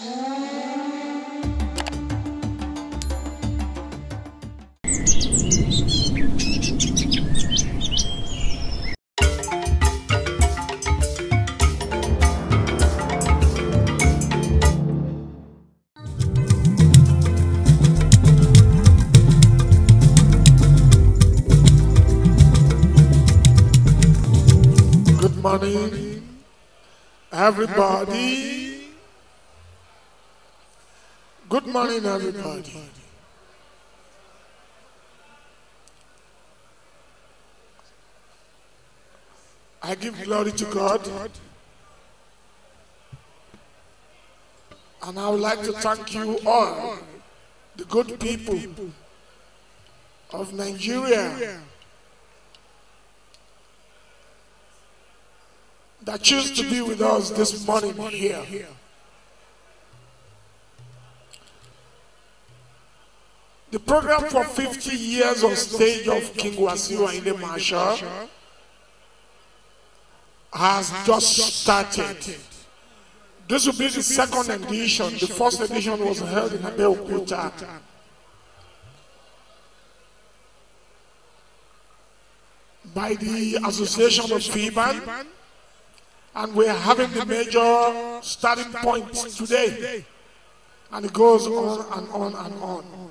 Good morning, everybody. Good morning, everybody. I give glory to God. And I would like to thank you all, the good people of Nigeria that choose to be with us this morning here. The program for 50 years on stage of King Wasiwa in the Marshall has just started. This will be the second edition. The first edition was held in Abeokuta. by the Association of FIBAN, and we're having the major starting point today. And it goes on and on and on.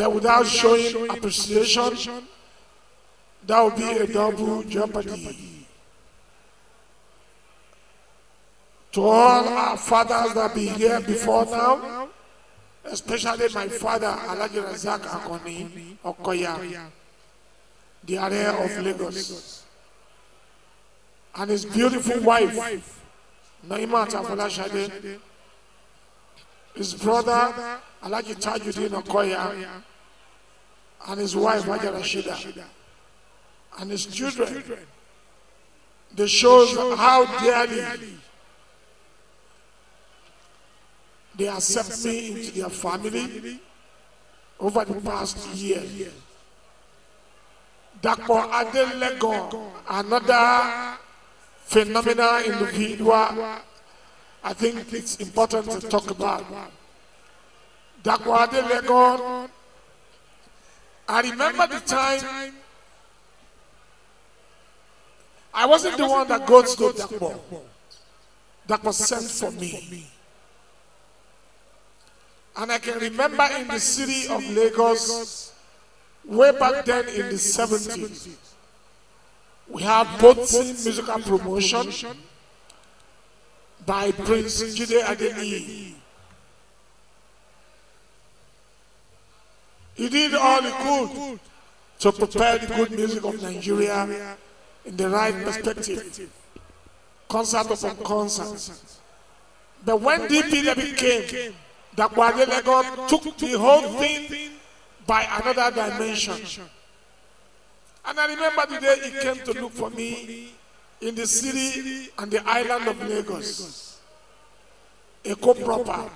That without showing appreciation, that would be a double jeopardy. To all our fathers that be here before now, especially my father, Alaji Razak Akoni Okoya, the area of Lagos, and his beautiful wife, Naima Tafolashade, his brother, Alaji Tajuddin Okoya, and his wife, Hajar Rashida, and his children. They show how dearly they accept me into their family over the past year. Dr. Adelego, another phenomenal individual, I think it's important to talk about. Dr. Adelego I remember the time I wasn't the one that God stole that ball. That was sent for me. And I can remember in the city of Lagos, way back then in the 70s, we had both musical promotion by Prince Jide Adeniyi. He did all he could to prepare the good music of Nigeria in the right perspective, concert upon concert. But when DPW came, Dakwade Legon took the whole thing by another dimension. And I remember the day he came to look for me in the city and the island of Lagos, Eco proper.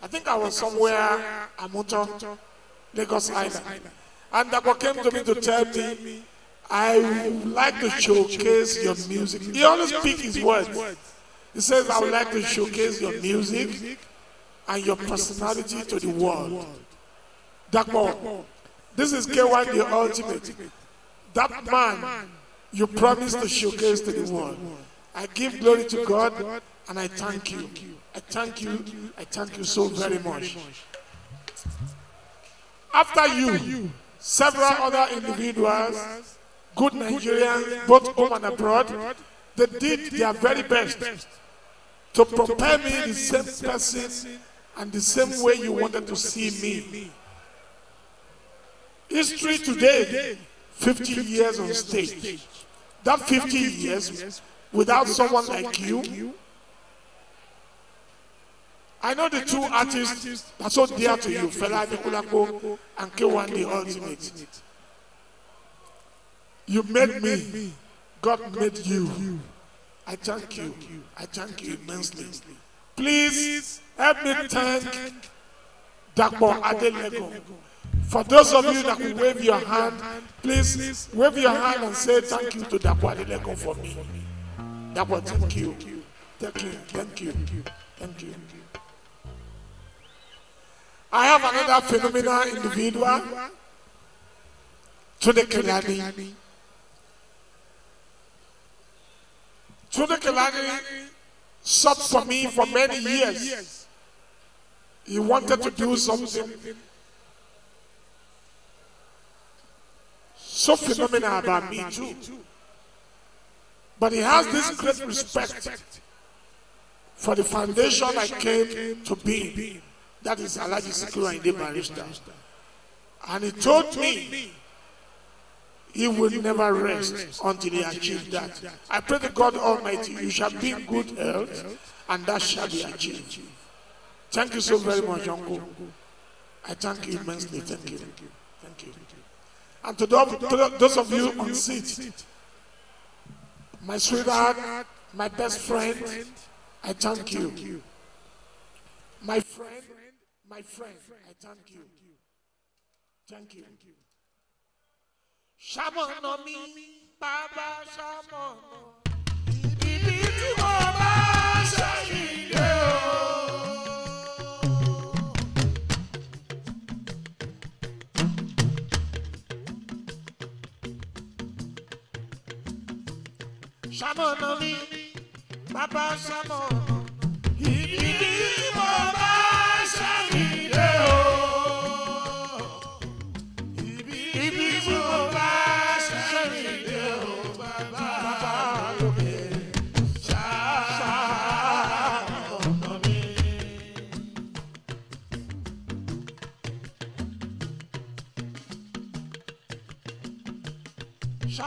I think I was somewhere, Amuton. Lagos Island. And Dako came to me to tell me, I would like to showcase your music. He always speaks his words. He says, I would like to showcase your music and your personality to the world. Dakmo, this is K1 the ultimate. That man you promised to showcase to the world. I give glory to God and I thank you. I thank you. I thank you so very much. After you, several other individuals, good Nigerians, both home and abroad, they did their very best to prepare me the same person and the same way you wanted to see me. History today, 50 years on stage. That 50 years, without someone like you, I know the two artists, that are so dear to you, Fela Anikulapo and k 1 Ultimate. You made me. God made you. I thank you. I thank you immensely. Please help me thank Dagbo Adelego. For those of you that will wave your hand, please wave your hand and say thank you to Dagbo Adelego for me. Dagbo, thank you. Thank you. Thank you. Thank you. Thank you. I have another phenomenal individual, Tunde Kelani. Tunde Kelani sought for me for many years. He wanted to do something so phenomenal about me too. But he has this great respect for the foundation I came to be. That is Alaji Sikura in the And he told me he will never rest until he achieves that. I pray to God Almighty, you shall be in good health, and that shall be achieved. Thank you so very much, Uncle. I thank you immensely. Thank you. Thank you. And to those of you on seat, my sweetheart, my best friend, I thank you. My friend, My friend, I thank you. Thank you. Ṣamọ̀nà mi, bàbá ṣamọ̀nà. Ibi tí mo bá ṣẹ̀yìn dé o. Ṣamọ̀nà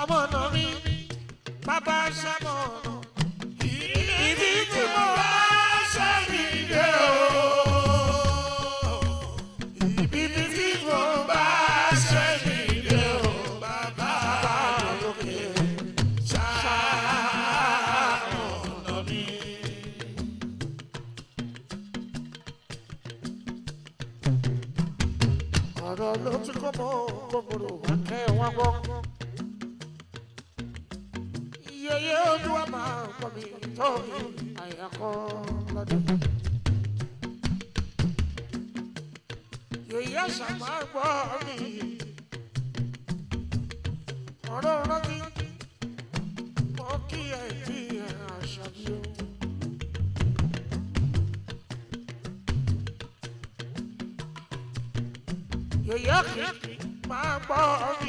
ṣamọ̀nà mi bàbá ṣamọ̀nà ibi tí mo wá ṣàbí dé o. ọ̀rọ̀ ló tún kọ́ mọ́ gbogbo wákẹ́ wá gbọ́ yẹyẹ ojú wa máa kọ́ mi tó àyàkọ́ lọ́dún. yẹyẹ ṣàmà gbọ́ mi ọ̀rọ̀ rántí mo kí ẹ̀ tí ẹ̀ àṣà bí o. yẹyẹ kì í gbọ́ mi.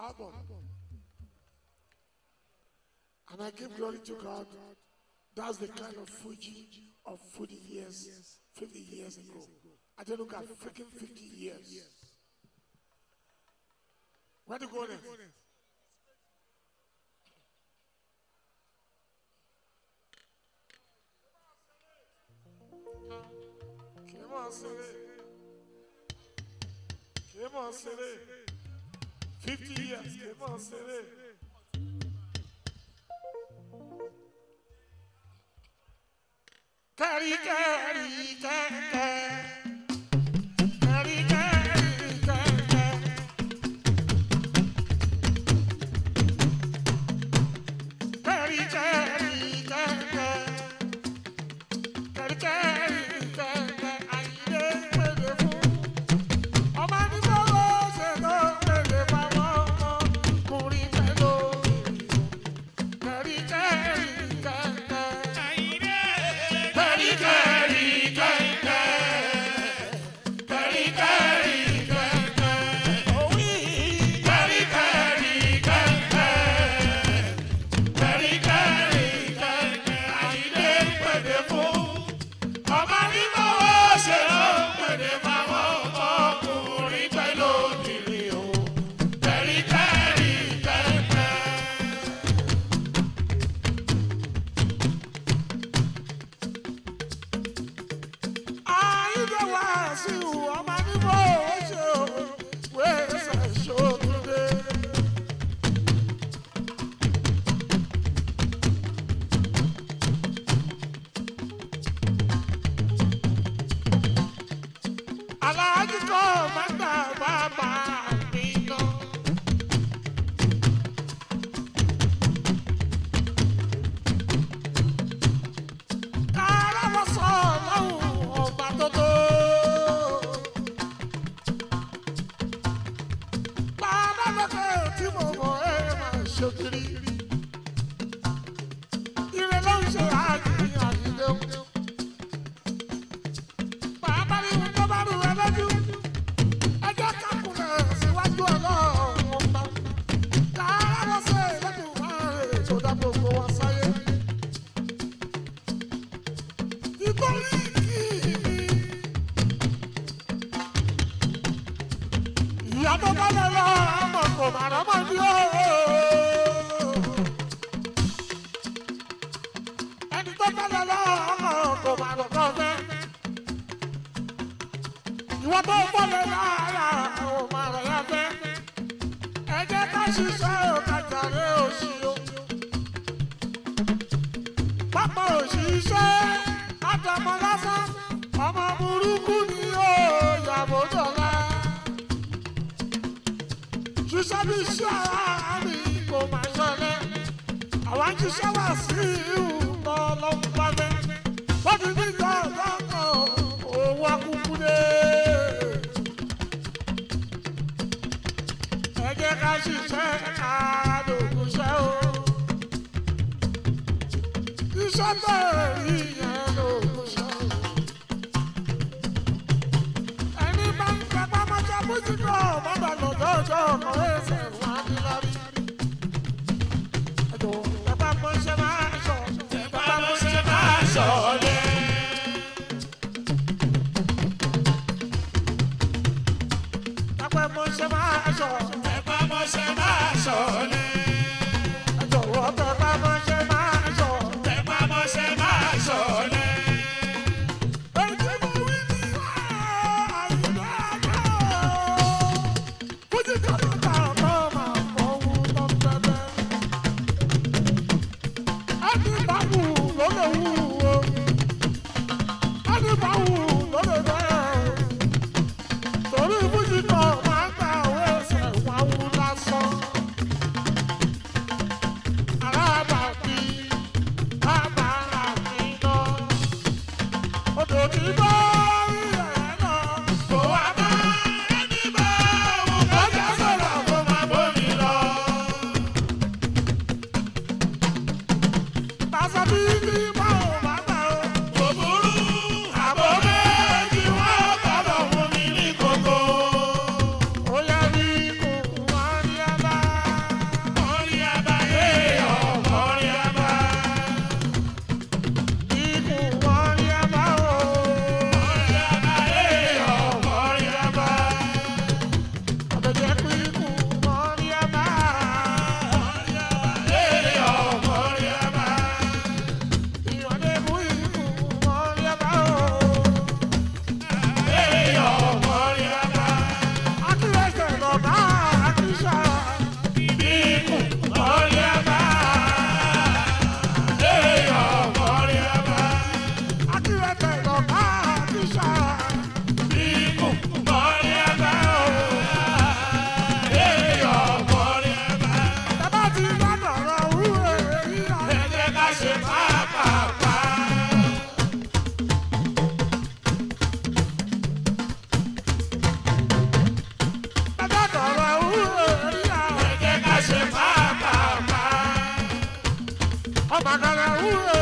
album. And I give glory to God. That's the kind of Fuji of 40 years, 50 years ago. I don't look at freaking 50 years. Where to go next? Come on, Come on, fifty years kì í mọ̀ ṣeré. Carry, carry, carry, carry. world.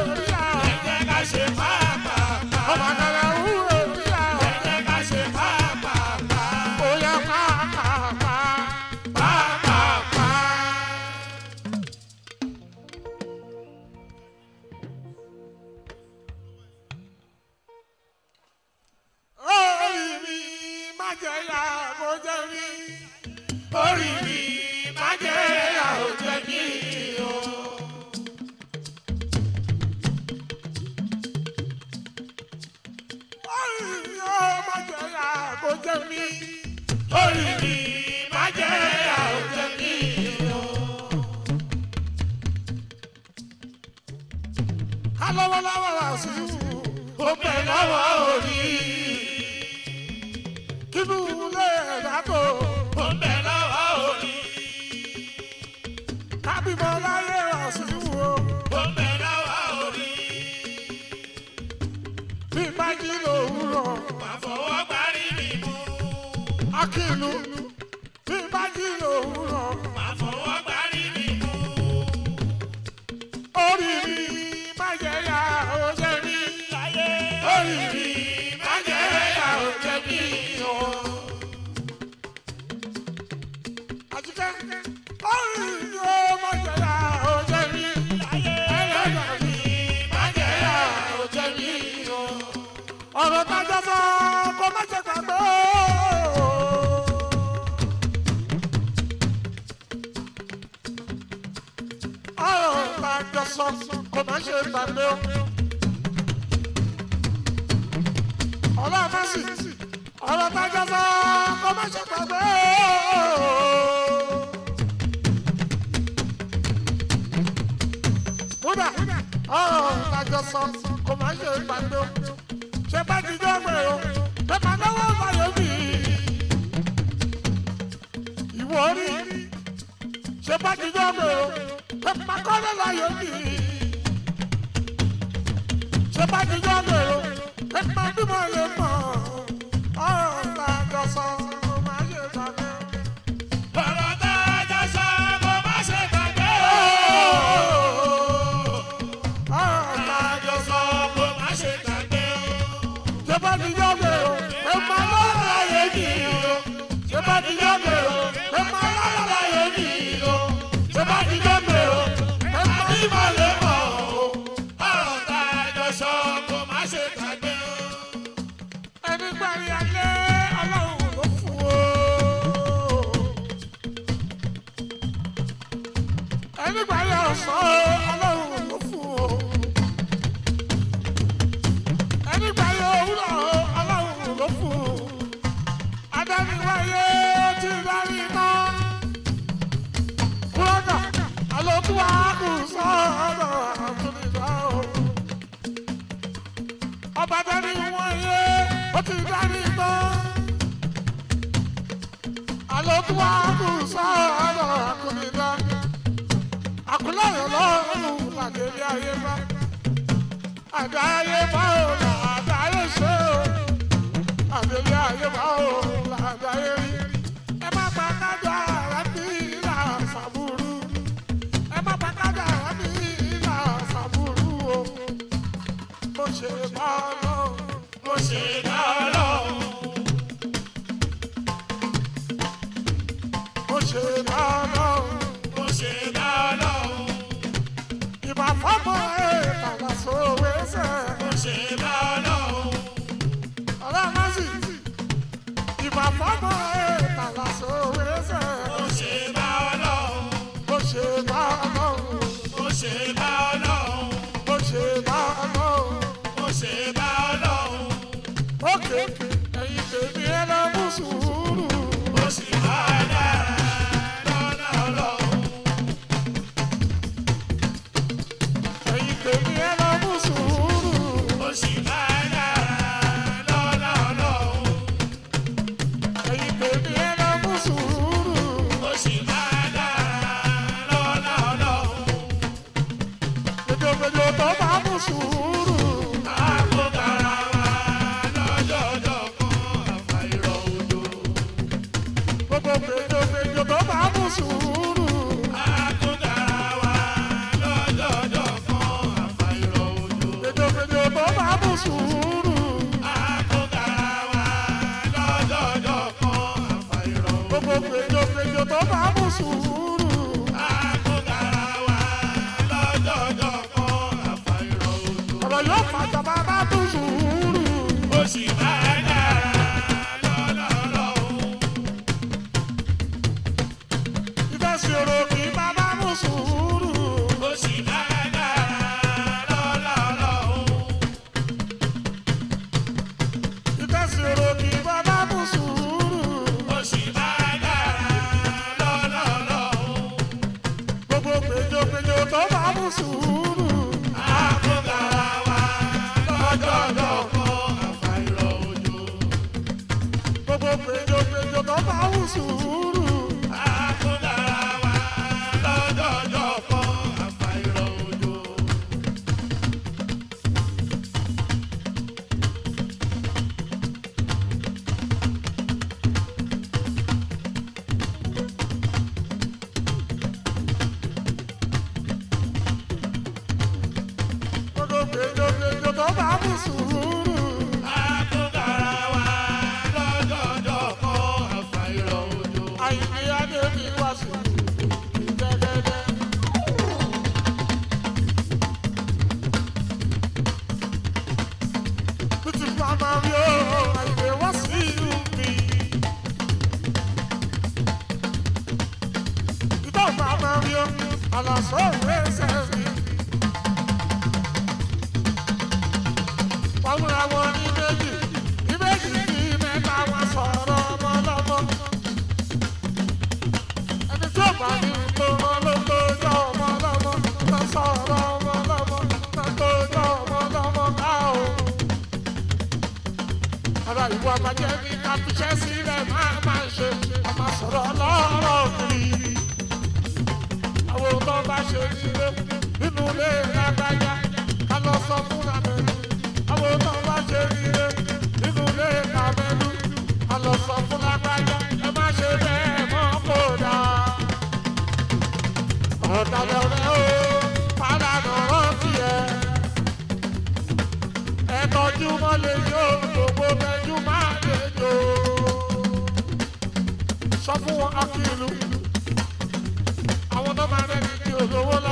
láyò ní. ṣé bá ti yọ ọ́ lèrò bímọ lè mọ̀ àdáyébá àdáyébá ò là àdáyé ṣe ò àbẹ̀lẹ̀ àyébá ò. the one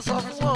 Summer, summer,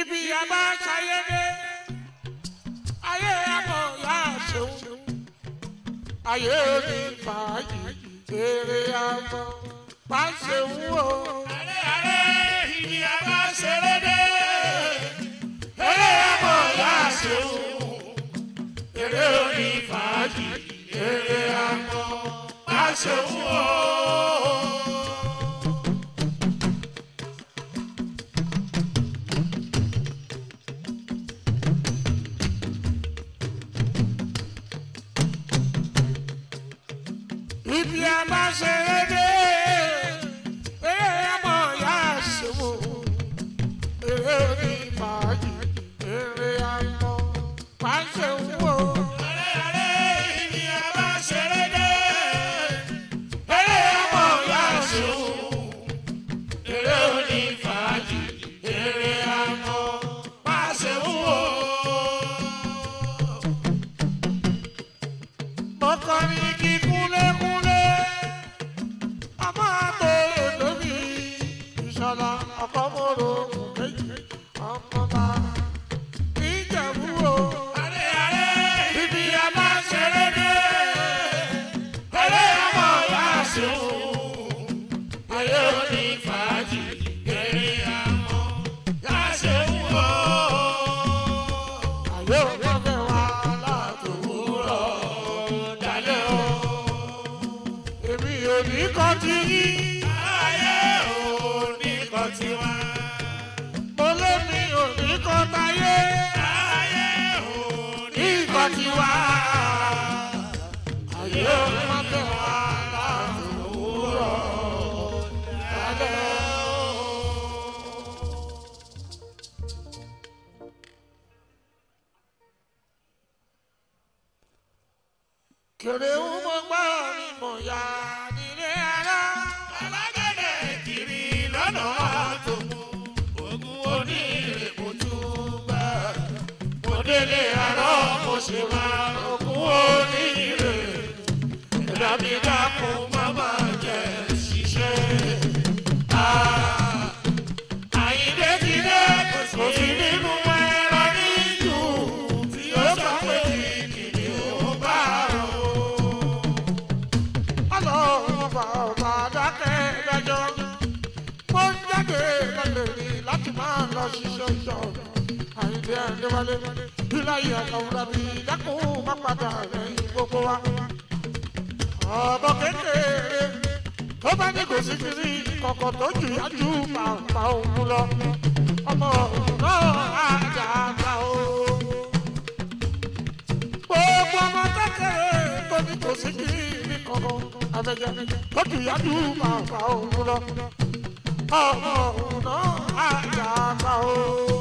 ibi àbá ṣayédé ayé akọ̀yà ṣeun ayé mi fàájì kéré àbọ̀ bá ṣeun o. àrẹ àrẹ ibi àbá ṣerédé eré akọ̀yà ṣeun eré orí fàájì kéré àbọ̀ bá ṣeun o. say kèrè ń mọ gbá mi mọ̀ ya nílé ara. alágbẹ̀dẹ kiri lọ́nà àtòkù ogu onírè kò tún gbà. mo délé àárọ̀ mo ṣe máa ogun onírè. ìlànà ṣíṣọ́ṣọ́ àyíndé àyíndéwálé bíláyé àkàwùrábí dákùn má padà lẹ́yìn gbogbo wa. ọ̀bọ kékeré tó bá ní kò kiri kọ̀kọ̀ tó jù yájú pàpà òun lọ ọmọ òun náà àjà àgbà o. gbogbo ọmọ kékeré tó ní kò kiri kọ̀kọ̀ àbẹ̀jẹ̀ tó jù yájú pàpà òun lọ ọmọ òun náà àjàgbá o.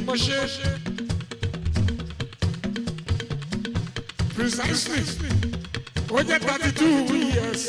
ni mo precisely ó jẹ́ thirty two years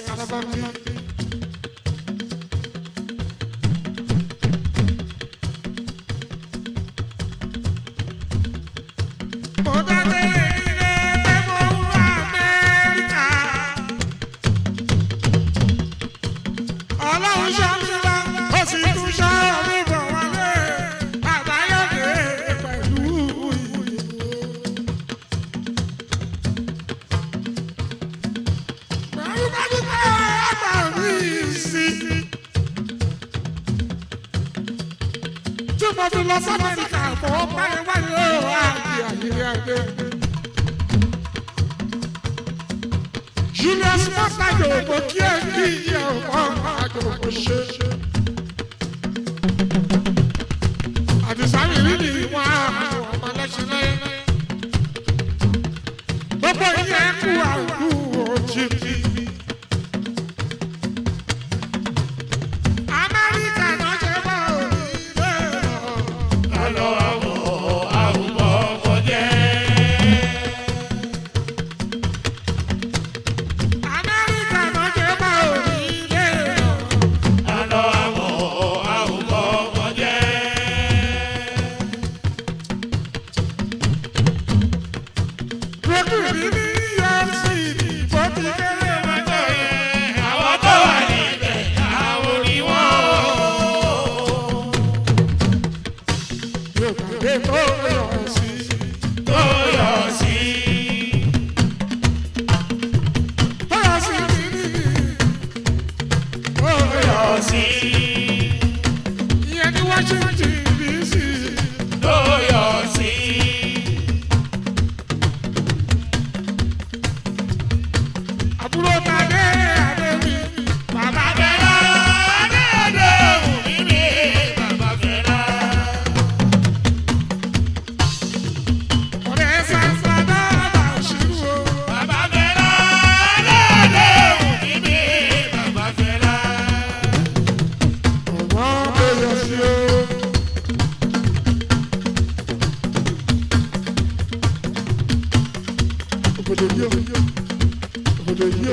obodo yi obodo yi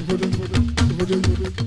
obodo yi obodo yi obodo yi.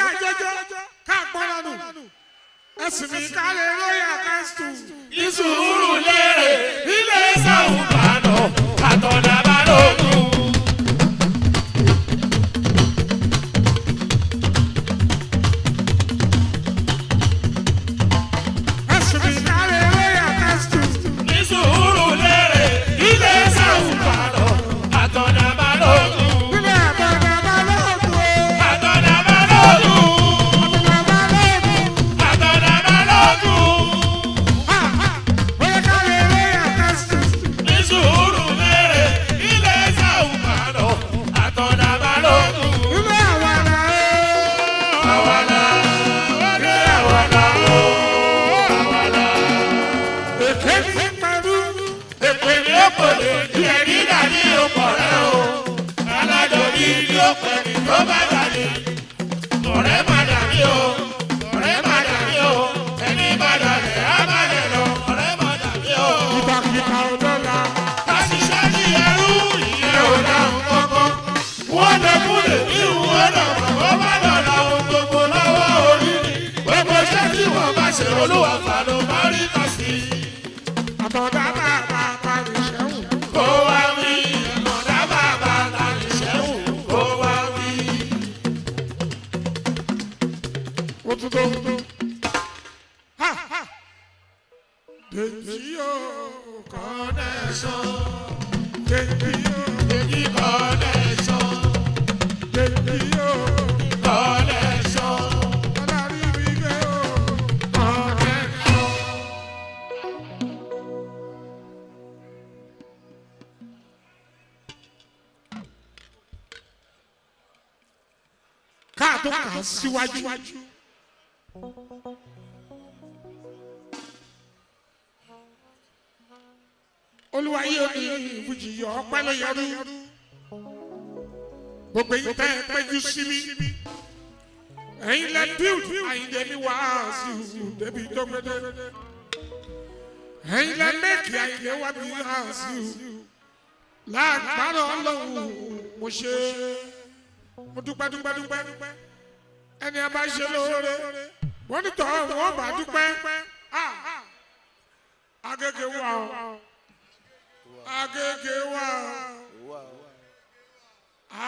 ká jẹjọ ká gbọ́ra nù ẹ̀sìn mi ká lè lóye àkáǹtù. ìṣòro lè ilé ìsàwọ̀. ẹ̀yin lẹ mẹ́kì àyìnlẹ̀ wà bí wọ́n sí o láàgbára ọlọ́run mo ṣe mo dúpẹ́ dúpẹ́ dúpẹ́ ẹni a bá ṣe lóore wọ́n ní tọ́ wọ́n bá dúpẹ́ ah, ah. agége wà o agége wà o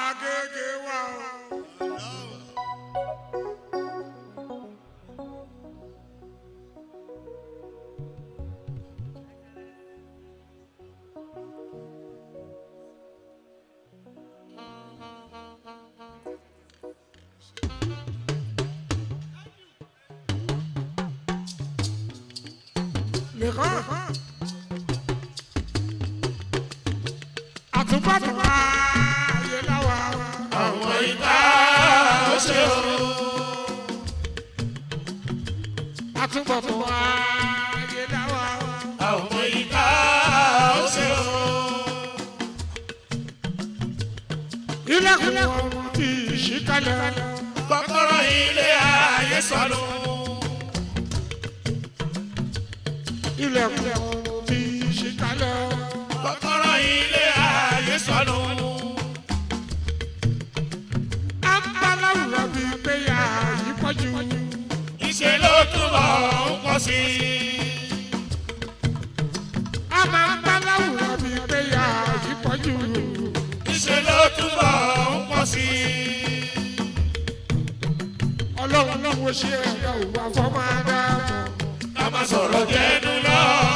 agége wà o. kan. àtúbọ̀tún ayé láwa. àwọn ìta ó ṣe o. àtúbọ̀tún ayé láwa. àwọn ìta ó ṣe o. ilẹ̀kùn ọ̀run ti ṣí kalẹ̀. kọ́kọ́rọ́ ilé ayé sọnù. ilẹ̀kùn ti ṣìkálẹ̀. kọ́kọ́rọ́ ilé ààyè sọnù. a ń bá láwùrọ̀ bíi pé ààyè pọ̀jù. ìṣe ló túbọ̀ ń pọ̀ sí i. a máa ń bá láwùrọ̀ bíi pé ààyè pọ̀jù. ìṣe ló túbọ̀ ń pọ̀ sí i. ọlọ́run ló wo ṣe ẹ̀ka òwò àfọ́mọ́ adáàbò. solo tiene una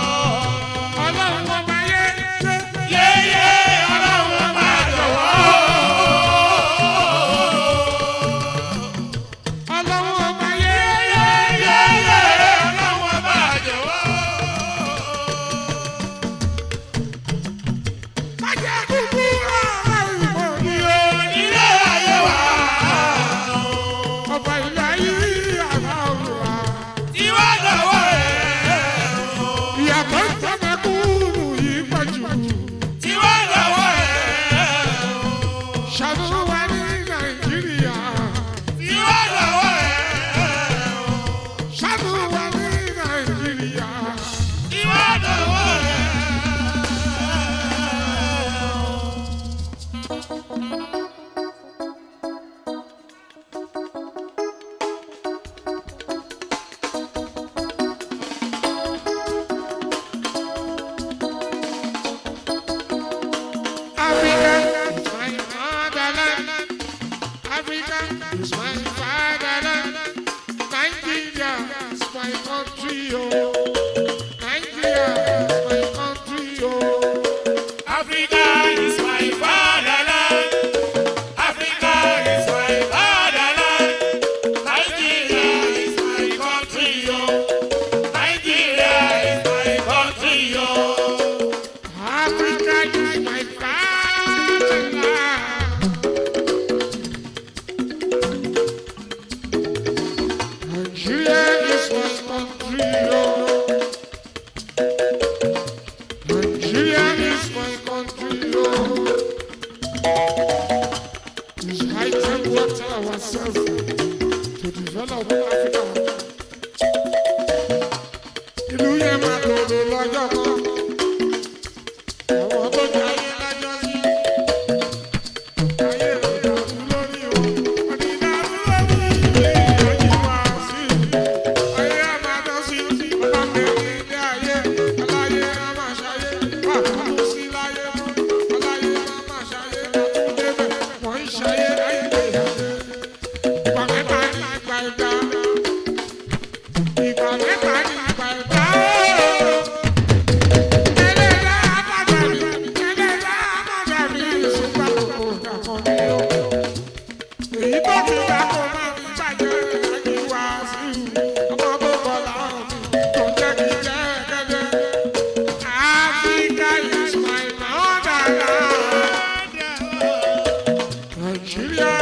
Yeah.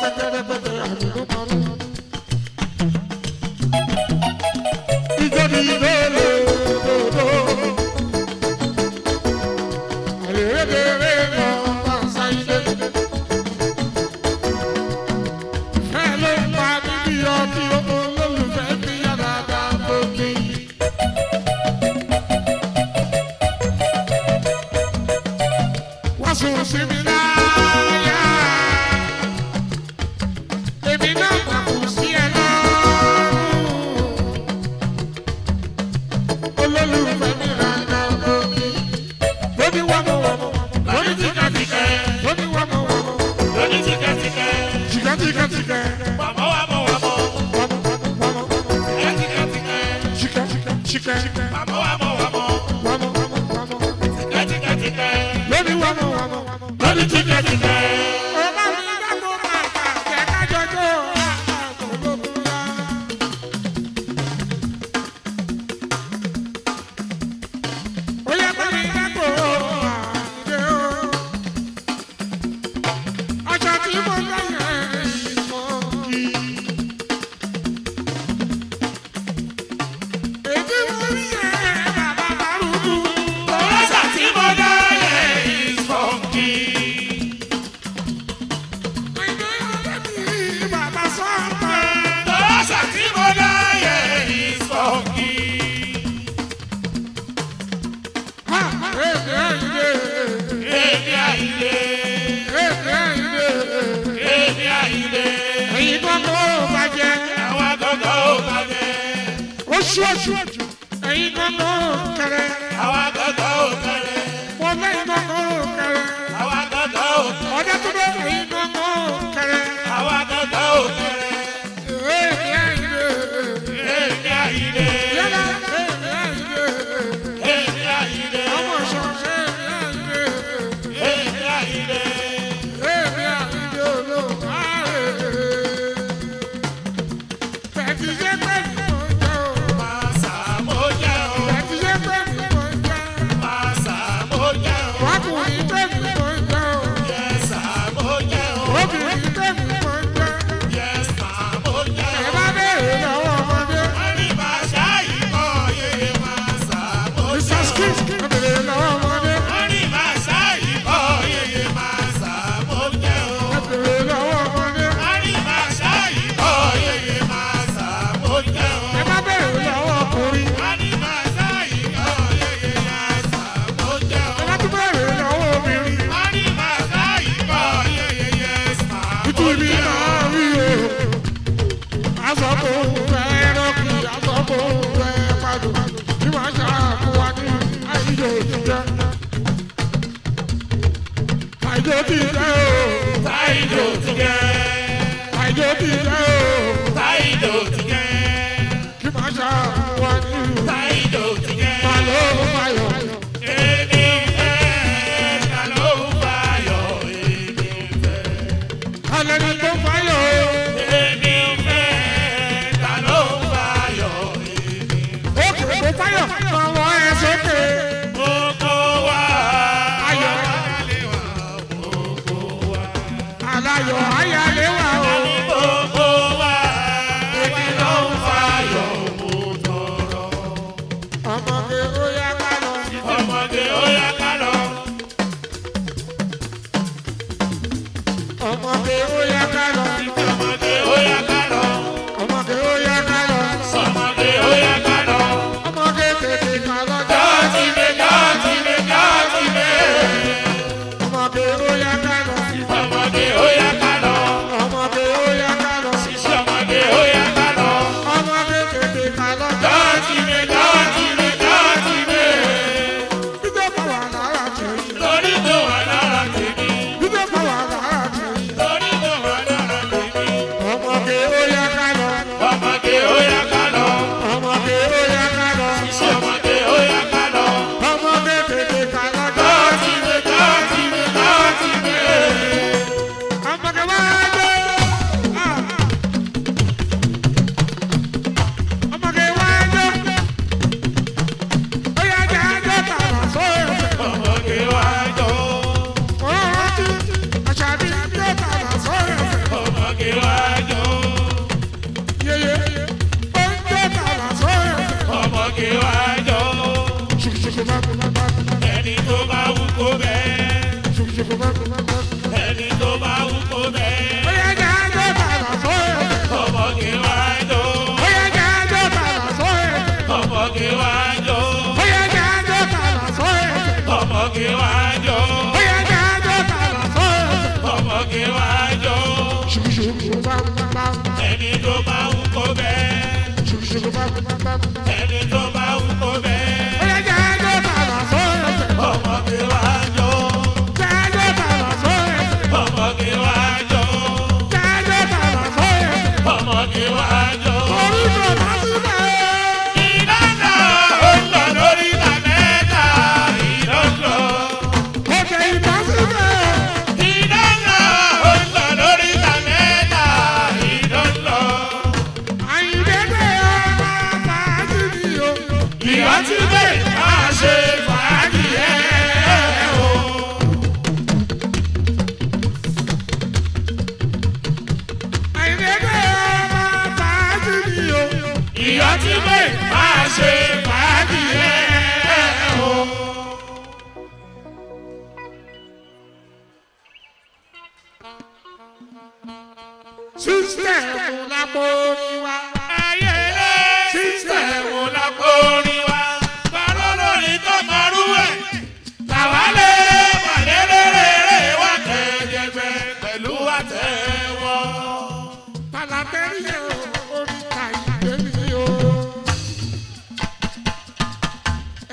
casa,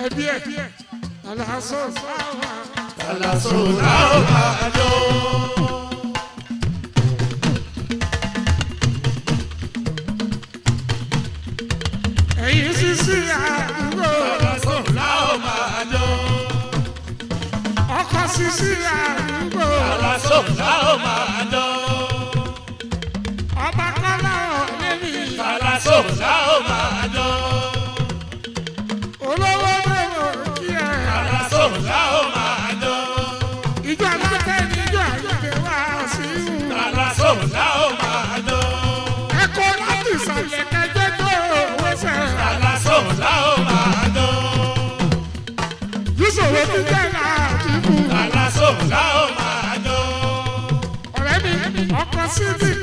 ẹbí ẹ àlàsó láwà. àlàsó láwà àjọ. ẹ̀yin sísí àdúgbò. àlàsó láwà àjọ. ọkọ sísí àdúgbò. àlàsó láwà àjọ. should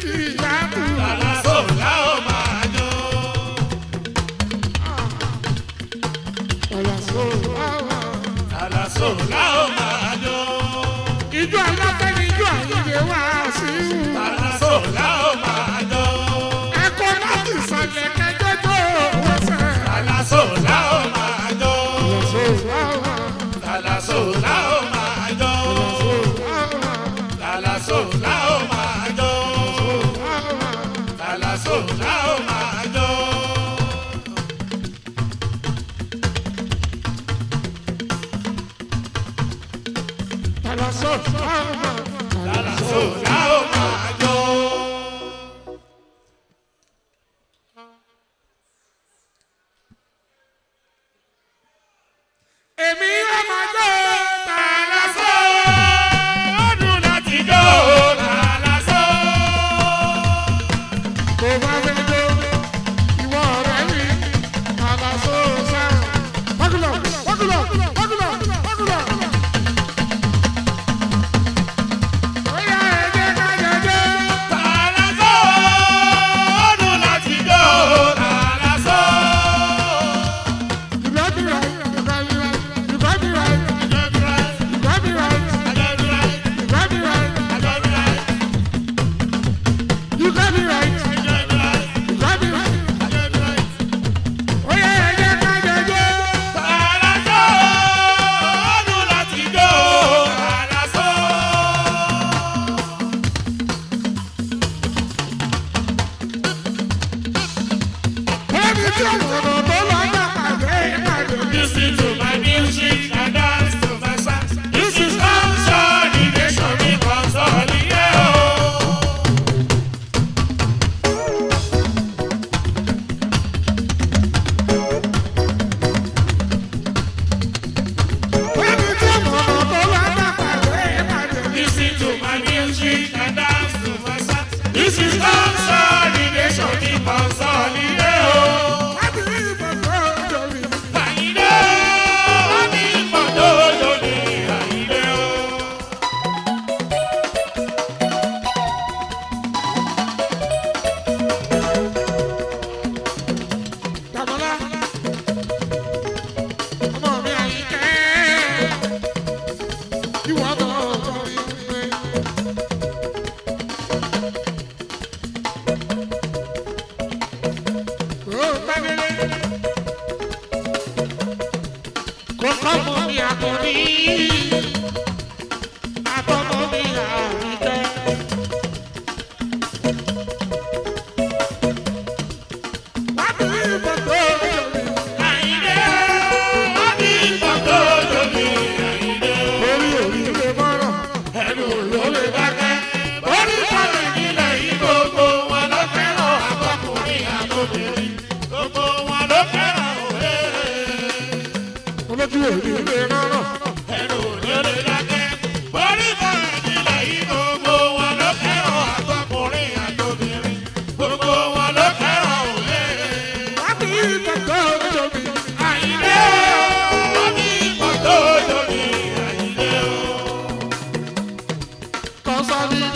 Tosa ni